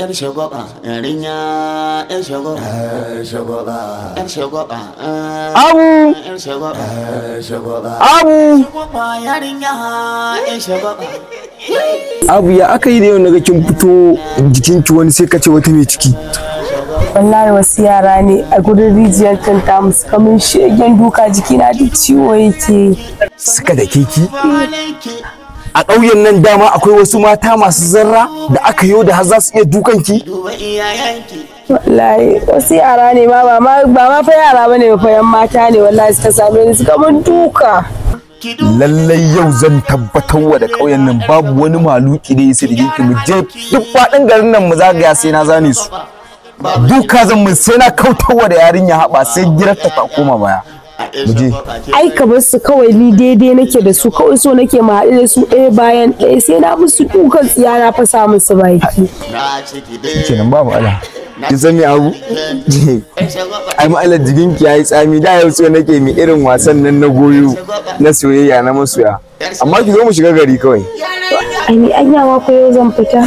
Yar shagwaba, yarinya, yar shagwaba, yar shagwaba, yar shagwaba, eh, abu, yar shagwaba, yar shagwaba, abu, yarinya, yar shagwaba. Abu ya aka yi da yau daga kin fito jikin ki wani sai ka ce wata mai ciki. Wallahi wasu yara ne a gudun rijiyar can ta musu kamun shegen duka jikina duk ciwo yake. Suka da keki? a ƙauyen nan dama akwai wasu mata masu zarra da aka yi da har za su iya dukanki? wallahi wasu yara ne ma ba ma fa yara bane ba fayan mata ne wallahi suka same ni suka mun duka lallai yau zan tabbatar wa da ƙauyen nan babu wani maluki da yasa da ki mu je duk faɗin garin nan mu zagaya sai na zane su duka zan mu sai na kautar wa da yarinya haɓa sai girar ta koma baya ai ka bar su kawai ni daidai nake da su kawai so nake ma haɗu da su ɗaya bayan ɗaya sai na musu dukan tsiya na fasa musu baki babu Allah. ki san me abu ai jigin ki yayi tsami da yau so nake mi irin wasan nan na goyo na soyayya na masoya amma ki zo mu shiga gari kawai ai ni an yawa ko yau zan fita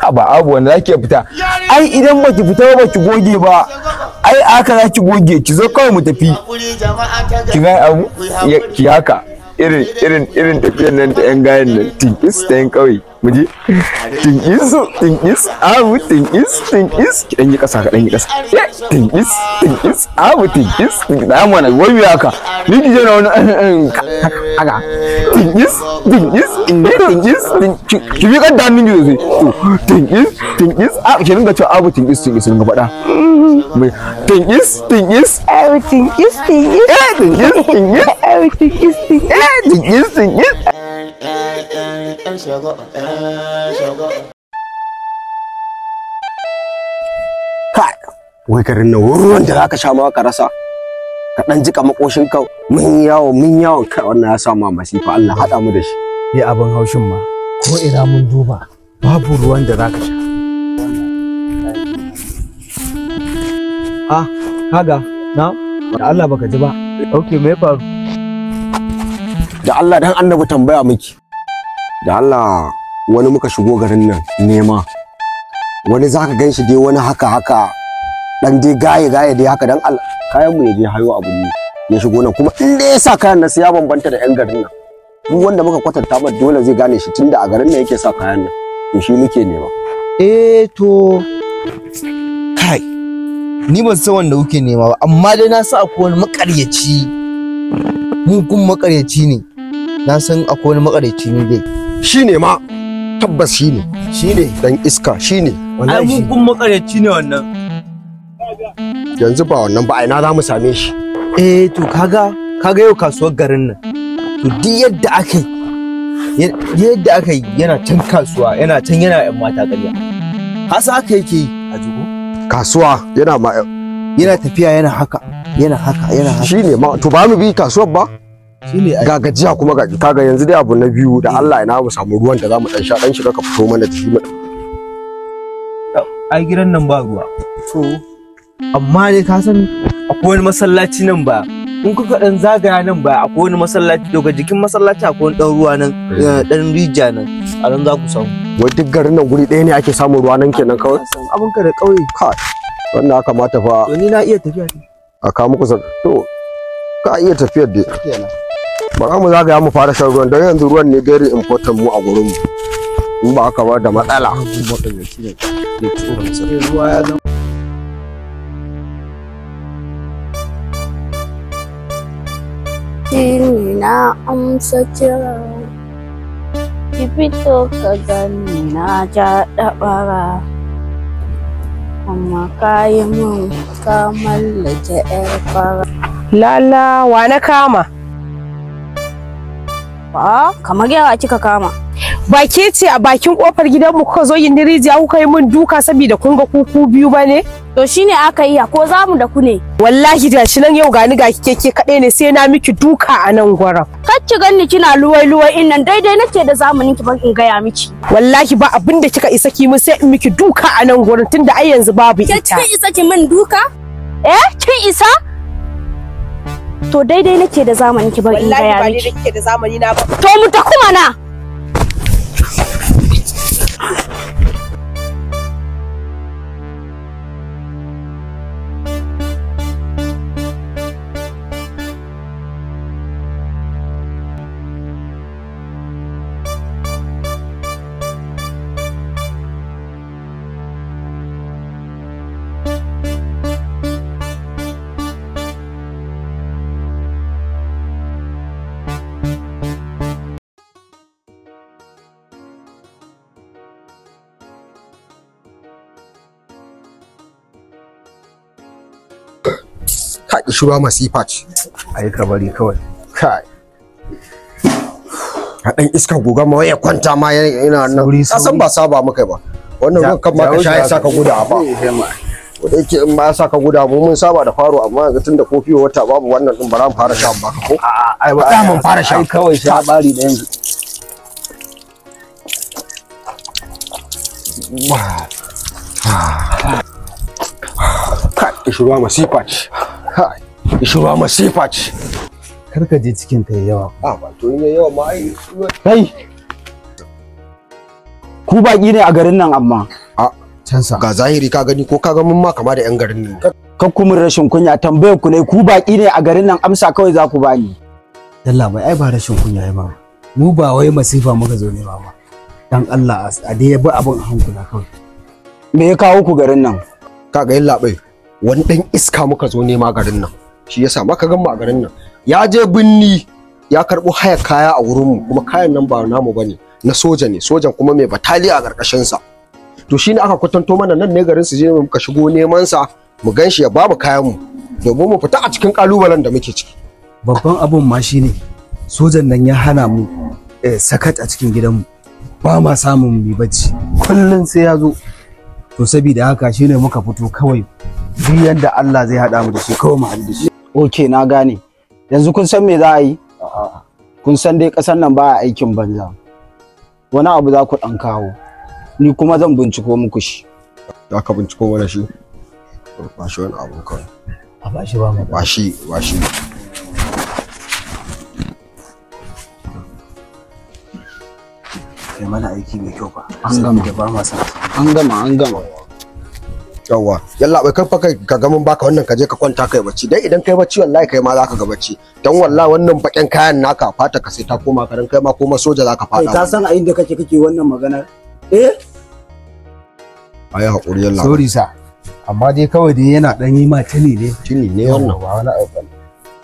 a ba abu wanda zaki fita ai idan ba ki fita ba ki goge ba ai aka zaki goge ki zo kawai mu tafi ki ga abu ki haka irin irin irin tafiyar nan ta yan gayan nan tinkis ta yan kauye mu je tinkis tinkis abu tinkis tinkis ki dan yi kasa ka dan yi kasa tinkis tinkis abu tinkis da mu na wai haka ni ki je na wani eh, eh, haka tinkis tinkis inda tinkis ki bi kadda min ji sosai tinkis tinkis a ki ringa cewa abu tinkis tinkis ringa faɗa mai tingis tingis everything is tingis eh tingis tingis everything is tingis eh tingis tingis kai wai garin nan wurin da zaka sha ma ka rasa ka dan jika makoshin ka mun yawo mun yawo kai wannan ya sa ma masifa Allah hada mu da shi ya abin haushin ma ko ina mun duba babu ruwan da zaka sha a ah, kaga na da Allah baka ji ba okay me faru da Allah dan annabi tambaya miki da Allah wani muka shigo garin nan nema wani zaka ganshi dai wani haka haka dan dai gaye gaye dai haka dan Allah kayan mu yaje hayo abu ne ya shigo nan kuma in dai yasa kayan nan sai ya bambanta da yan garin nan duk wanda muka kwatanta ba dole zai gane shi tunda a garin nan yake sa kayan nan to shi muke nema eh to kai ni ban san wanda kuke nema ba amma dai na san akwai wani makaryaci mugun makaryaci ne na san akwai wani makaryaci ne dai shi ne ma tabbas shi ne shi ne dan iska shi ne ai mugun makaryaci ne wannan yanzu ba wannan ba na za mu same shi eh to kaga kaga yau kasuwar garin nan to duk yadda aka yadda aka yana can kasuwa yana can yana yan mata ƙarya hasa haka yake yi a jugo kasuwa yana ma yana tafiya yana haka yana haka yana haka shine ma to ba mu bi kasuwar ba shine ga gajiya kuma ga kaga yanzu dai abu na biyu da Allah ina mu samu ruwan da zamu dan sha dan shiga ka fito mana da shi mu ai gidan nan ba ruwa to amma dai ka san akwai wani masallaci nan ba in kuka dan zagaya nan ba akwai wani masallaci daga jikin masallaci akwai wani dan ruwa nan dan eh. rija nan a nan za ku samu wai duk garin nan guri ɗaya ne ake samun ruwa nan kenan kawai abin ka da ƙauye ka wannan aka mata fa ni na iya tafiya a ka muku sa to ka iya tafiyar da baka mu zagaya mu fara shan ruwan don yanzu ruwan ne very important mu a gurin mu in ba aka ba da matsala ruwa na amsa kira ki fito ka gani na ja dabara amma kayi min ka mallake yar fara lala wa na kama ba kamar yawa kika kama ba ke ce a bakin kofar gidanmu kuka zo yin rijiya kuka yi min duka saboda kun ga kuku biyu ba ne To shine aka yi ko za mu da ku ne. Wallahi da shi nan yau gani ga kike ke kadai ne sai na miki duka a nan gwaram. Ka ki ganni kina luwai luwai in nan daidai nake da zamanin ki ban in gaya miki. Wallahi ba abin da kika isa ki mun sai in miki duka a nan gurin tunda ai yanzu babu ita. kike kin isa ki min duka? Eh kin isa? To daidai nake da zamanin ki ban in gaya miki. Wallahi ba ni nake kike da zamani na ba. To mu ta kuma na. ƙishirwa masifa ce a yi kabari kawai kai a ɗan iska goga ma ya kwanta ma yana nan kasan ba saba maka ba wannan ruwan kan ma ka sha eh, ya saka guda ba da yake in ba ya saka guda ba, mun saba da faro amma yanzu da kofi wata babu wannan ɗin ba za mu fara sha ba ko a ba za mu fara sha kawai sha bari da yanzu ka ki shuruwa masifa ce kai ishura masifa ce kar ka je cikin ta yawa a ba to yawa ma ai kai ku baki ne a garin nan amma a can sa. ga zahiri ka gani ko ka ga mun ma kama da yan garin nan kan kuma rashin kunya tambayar ku ne ku baki ne a garin nan amsa kawai za ku bani dalla bai ai ba rashin kunya ai ba mu ba wai masifa muka zo ne ba dan Allah a dai bi abin hankula kawai me ya kawo ku garin nan kaga yin labai wani dan iska muka zo nema garin nan shi yasa maka gan mu a garin nan ya je binni ya karɓo haya kaya a wurin mu kuma kayan nan ba namu bane na soja ne sojan kuma mai batali a karkashin sa to shine aka kwatanto mana nan ne garin su je muka shigo neman sa mu gan shi ya babu kayan mu domin mu fita a cikin kalubalen da muke ciki babban abun ma shine sojan nan ya hana mu eh, sakat a cikin gidanmu ba ma samun mu bacci kullun sai ya zo to saboda haka shine muka fito kawai duk da Allah zai haɗa mu da shi kawai mu haɗu da shi okay na gane yanzu kun san me za a yi kun san dai ƙasar nan ba a aikin banza wani abu za ku ɗan kawo ni kuma zan binciko muku shi za ka binciko mana shi ba shi wani abu kawai a ba shi ba mu ba shi ba shi kai mana aiki mai kyau ba an gama an gama an gama yawa yalla bai kafa kai ka ga mun baka wannan ka je ka kwanta kai bacci dai idan kai bacci wallahi kai ma za ka ga bacci dan wallahi wannan bakin kayan naka fata ka sai ta koma karan kai ma koma soja ka fada ka san a inda kake kake wannan maganar eh ayi hakuri yalla sorry sa amma dai kawai dai yana dan yi ma tani ne tani ne wannan ba wani abu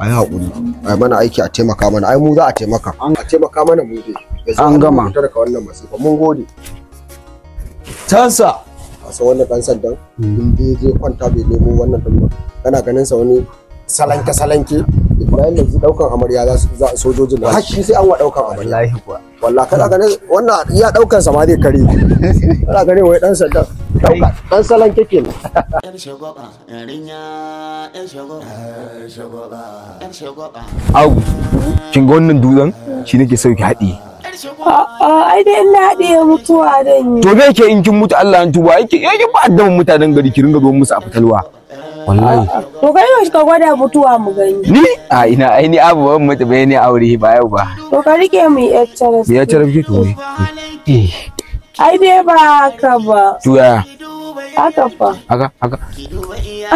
ayi hakuri ai mana aiki a taimaka mana ai mu za a taimaka a taimaka mana mu dai an gama wannan masifa mun gode tansa a san wannan dan sandan hmm. in dai je kwanta bai nemo wannan din ba kana ganin sa wani salanke salanke Ibrahim yanzu daukan amarya za su za sojojin har shi sai an wa daukan amarya wallahi kuwa wallahi kana ganin wannan iya daukan sa ma zai kare kana ganin wai dan sandan dauka dan salon kake ne yan shagoba rinya yan shagoba yan shagoba yar shagoba au kin ga wannan dutsen shi nake sauki hadi ai dai ina haɗe mutuwa dan yi to bai ke in kin mutu Allah an tuba yake yake ba addaban mutanen gari ki ringa zo musu a fitalwa wallahi to kai yau ka gwada mutuwa mu gani ni a ina ai ni abu ban mutu bai ne aure ba yau ba to ka rike mu yar charaf yar charaf ki to eh ai dai ba ka ba to ya haka fa haka haka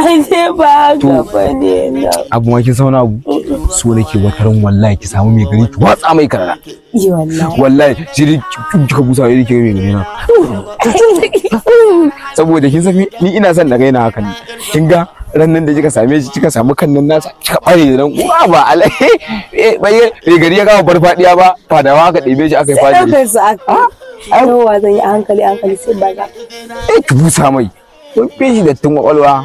ai dai ba ka ba ne abu ma kin sauna abu so nake wataran wallahi ki samu mai gari ki watsa mai karara wallahi shi kika busa ne kike mai gari na saboda kin san ni ina son na gaina hakan kin ga ran nan da kika same shi kika samu kannan nasa kika bare da nan uwa ba alai eh, bai gari ya gama farfadiya ba fadawa aka ɗebe shi aka yi fadi sai ka ah, ah. zan yi hankali hankali sai ba ga eh ki busa mai kun fi shi dattin kwakwalwa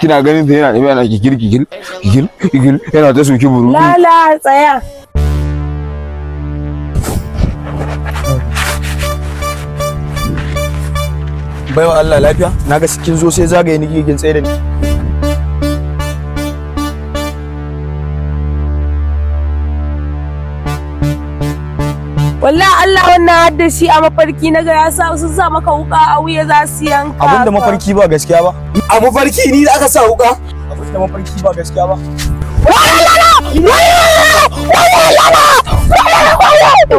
kina ganin ta yana tafiya na kikil kikil kikil kikil yana ta suki buru lala tsaya baiwa Allah lafiya na ga kin zo sai zagaye ni gigin tsaye da ni wallahi Allah wannan haddashi a mafarki na ga ya sa su sa maka wuka a wuya za su yanka da mafarki ba gaskiya ba a mafarki ni da aka sa wuka da mafarki ba gaskiya ba Wala dai Wala caje Wala ba Wala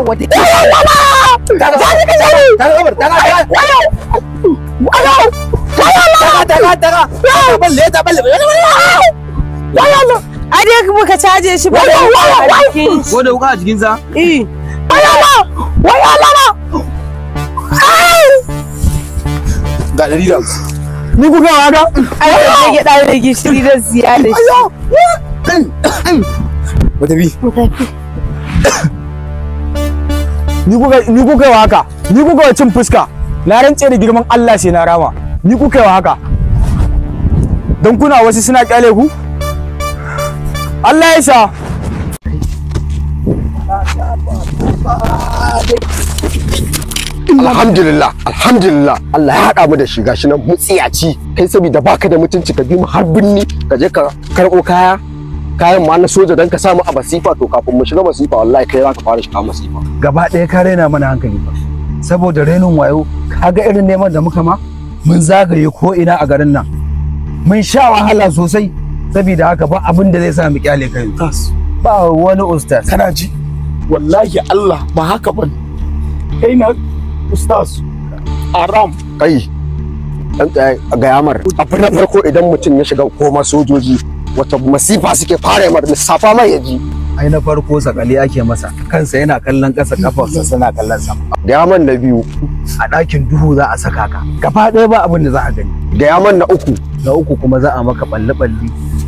wuka a jikin Wala Eh. wai alama ga ɗari da ni ku gawa ga ai da ya da gishiri da ziyada mu tafi mu tafi ni kuka yi haka ni kuka yi cin fuska na rantse da girman Allah sai na rama ni kuka yi haka don kuna wasu suna kyale ku Allah ya sa Alhamdulillah, alhamdulillah, Allah ya haɗa mu da shi gashi nan mutsiyaci kai saboda baka da mutunci ka bi mu har binni ka je ka karɓo kaya kayan ma na soja dan ka samu a masifa to kafin mu shiga masifa wallahi kai za ka fara shiga masifa. Gaba ɗaya ka raina mana hankali ba saboda renon wayo kaga irin neman da muka ma mun zagaye ko ina a garin nan mun sha wahala sosai saboda haka ba abin da zai sa mu kyale kai. Ba wani ustaz. Kana ji? wallahi Allah ba haka bane kai na ustaz aram kai dan ga yamar abu na farko idan mutum ya shiga koma sojoji wata masifa suke fara mar safa mai yaji ai na farko sakali ake masa kansa yana kallon ƙasa kafarsa suna kallon sama da na biyu a ɗakin duhu za a saka ka gaba ɗaya ba abin da za a gani da yaman na uku na uku kuma za a maka balle balle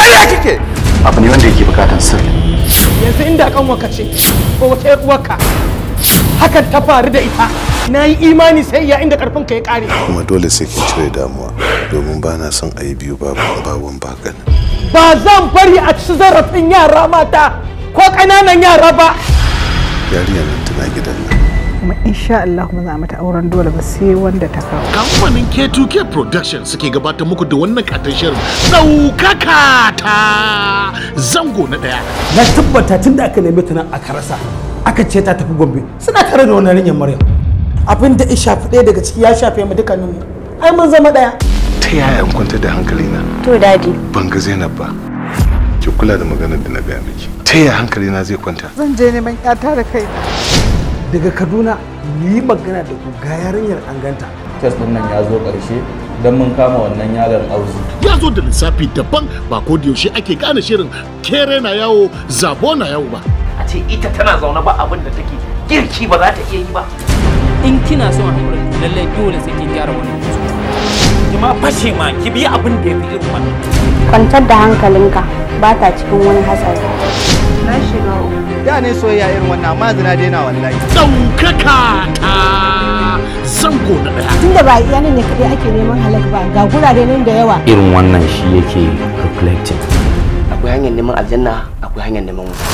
ƙarya kike abu ne wanda yake bukatar sirri yanzu inda kan waka ce ko wata ya hakan ta faru da ita na yi imani sai ya inda karfin ka ya kare kuma dole sai kin cire damuwa domin ba na son a yi biyu babu bakan ba zan bari a ci zarafin yara mata ko ƙananan yara ba yariya nan tana gidan nan kuma insha Allah kuma za a mata auren dole ba sai wanda ta kawo kamfanin K2K Production suke gabatar muku da wannan katon shirin daukaka ta zango na daya na tabbata tun da aka neme ta nan aka rasa aka ce ta tafi Gombe suna tare da wannan rinyar Maryam abin da ya shafi ɗaya daga ciki ya shafe mu dukkaninmu ai mun zama ɗaya ta yaya in kwanta da hankalina to dadi ban ga Zainab ba ki kula da maganar da na gaya miki ta yaya hankalina zai kwanta zan je neman ƴata da kai. daga kaduna mu yi magana da ku ga yarinyar an ganta test din nan ya zo karshe don mun kama wannan yaron auzu ya zo da lissafi daban ba ko da yaushe ake gane shirin kere na yawo zabo na yawo ba a ce ita tana zaune ba abin da take girki ba za ta iya yi ba in kina son hamurin lallai dole sai ki gyara wannan ki ma fashe ma ki bi abin da ya fi irin wannan kwantar da hankalinka ba ta cikin wani hatsari na shiga uku da ne soyayya irin wannan amma zina daina wallahi daukaka ta zango na daya tunda ba iya nan ne kadai ake neman halak ba ga gurare nan da yawa irin wannan shi yake reflecting akwai hanyar neman aljanna akwai hanyar neman wuta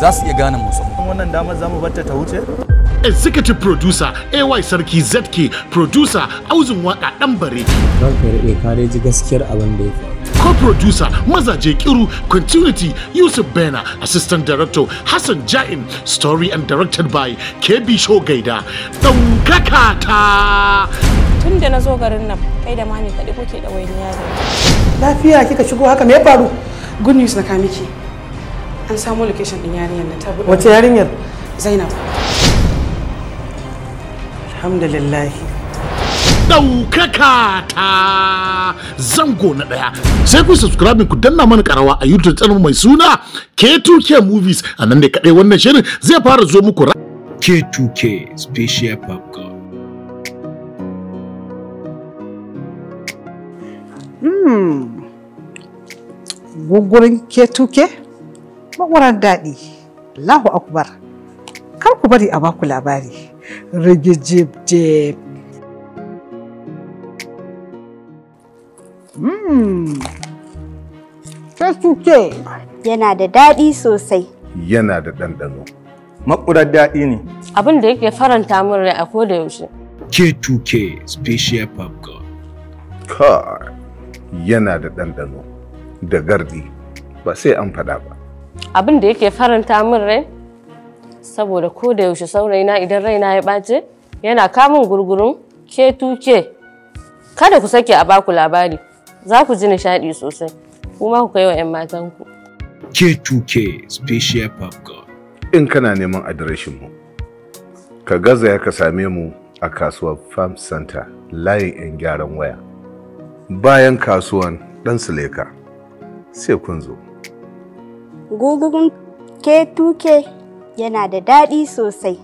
za su iya gane musu wannan za zamu batta ta wuce executive producer ay sarki zk producer auzun waka dan bare ranka ya kare ji gaskiyar abin da ya faru co-producer Mazaje Kiru, continuity Yusuf Bena, assistant director Hassan Jain, story and directed by KB Shogaida. Ɗaukaka ta! Tun da na zo garin nan, kai da mami kaɗi kuke da wani yaro. Lafiya kika shigo haka me ya faru? Good news na Kamiki, An samu location ɗin yarinyar na ta buɗe. Wace yarinyar? Zainab. Alhamdulillah. ɗaukaka ta zango na ɗaya sai ku subscribe ku danna mana karawa a youtube channel mai suna k2k movies a nan da kaɗai wannan shirin zai fara zo muku k2k special popcorn hmm. gugurin k2k magwaran daɗi Allahu akbar kar ku bari a baku labari rigijib Festuke. Hmm. Yana da daɗi sosai. Yana da ɗanɗano. Makurar daɗi ne. Abin da yake faranta min rai a koda yaushe. K2K Special Popcorn. Kai, yana da ɗanɗano da gardi ba sai an faɗa ba. Abin da yake faranta min rai saboda ko da yaushe saurayina idan raina ya ɓace yana kamun gurgurun K2K. Kada ku sake a baku labari. za ku ji nishaɗi sosai kuma ku kai wa 'yan matanku. K2K Special Popcorn. In kana neman adireshin mu, ka gaza ya ka same mu a kasuwar Farm Center layin 'yan gyaran waya. Bayan kasuwan ɗan Suleka, sai kun zo. Gugugun K2K yana da daɗi sosai.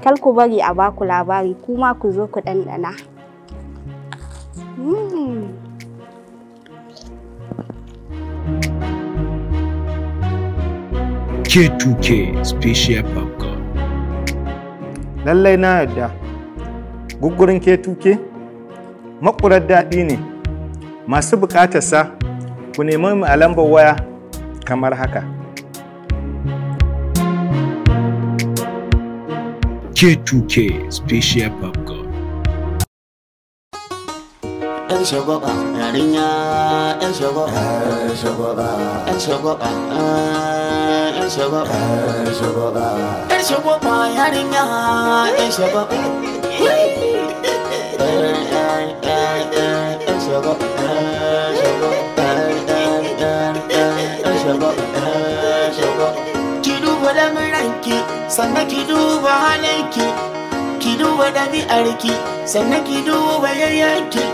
Kal ku bari a baku labari kuma ku zo ku ɗanɗana. Mm. K2K Special Popcorn. Lallai na yarda, guggurin K2K makurar daɗi ne, masu sa ku nemi mu a lambar waya kamar haka. K2K Special Popcorn. ‘yan shagwaba yarinya ‘yan shagwaba ‘yan shagwaba ‘yan shagwaba ah. 'yan shababa 'yan shababa 'yan yarinya 'yan ki duba lamuranki sannan ki duba halinki ki duba ɗabi'arki sannan ki duba yayyanki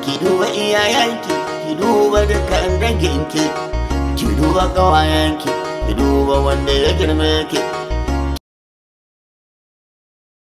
ki duba iyayenki ki duba dukkan danginki ki duba ƙawayenki You one day I can make it